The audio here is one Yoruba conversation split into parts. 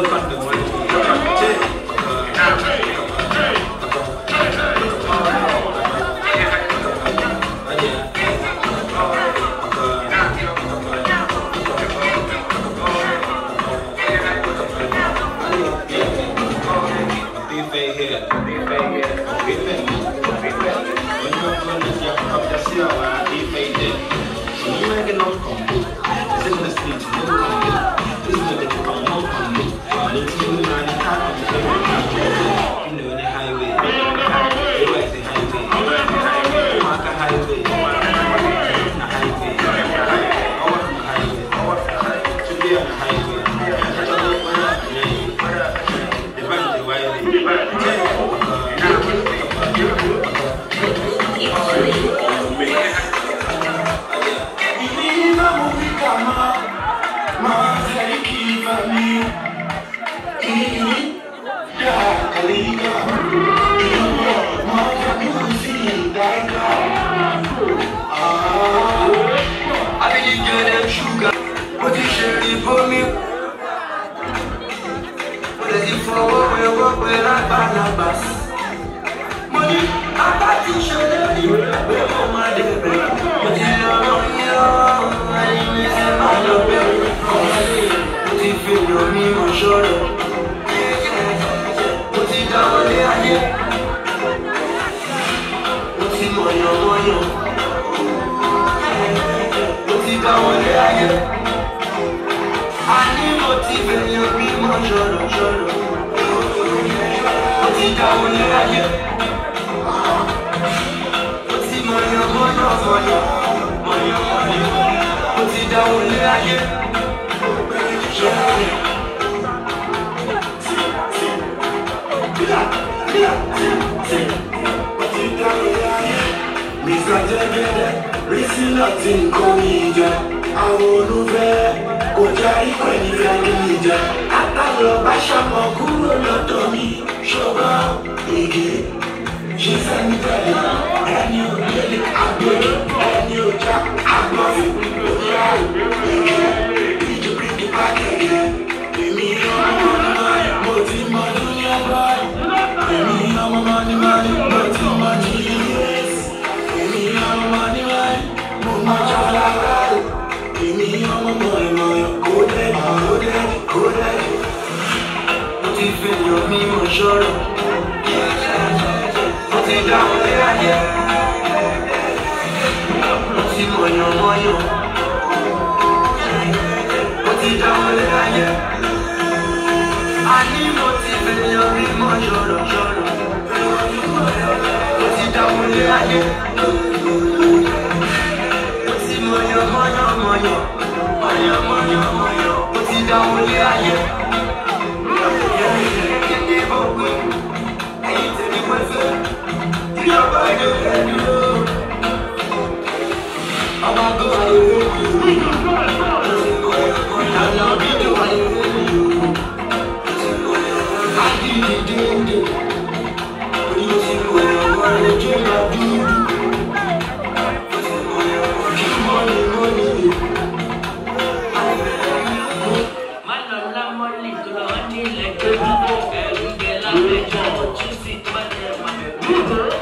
look on the nothing coming jẹ àwọn olùfẹ́ kò járí pẹ̀lú fẹ́mi jẹ àtàlọ bá ṣàmọ kúrò lọ́dọ̀ mi ṣọgbọn èké ṣe sẹni tẹ́lẹ̀ ẹni òkèlè. Yeah. Uhum.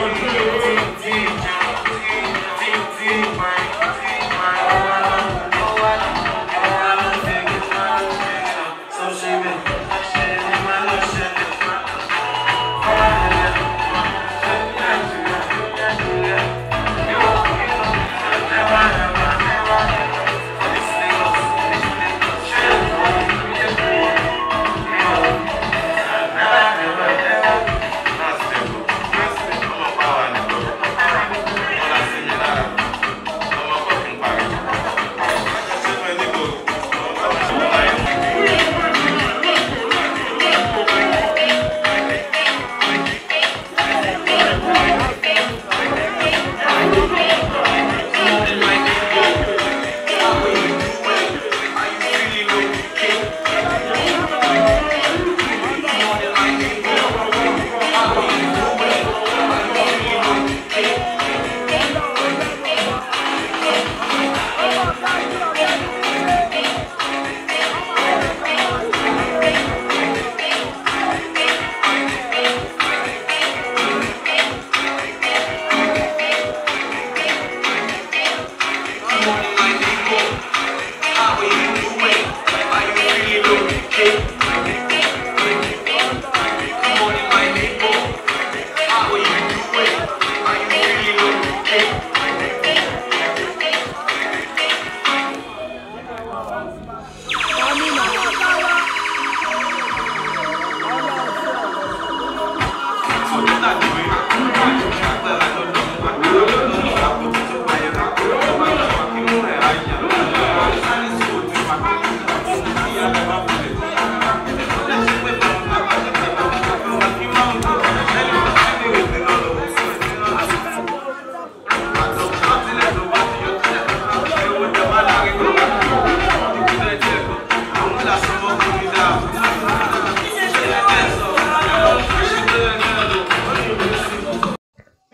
One,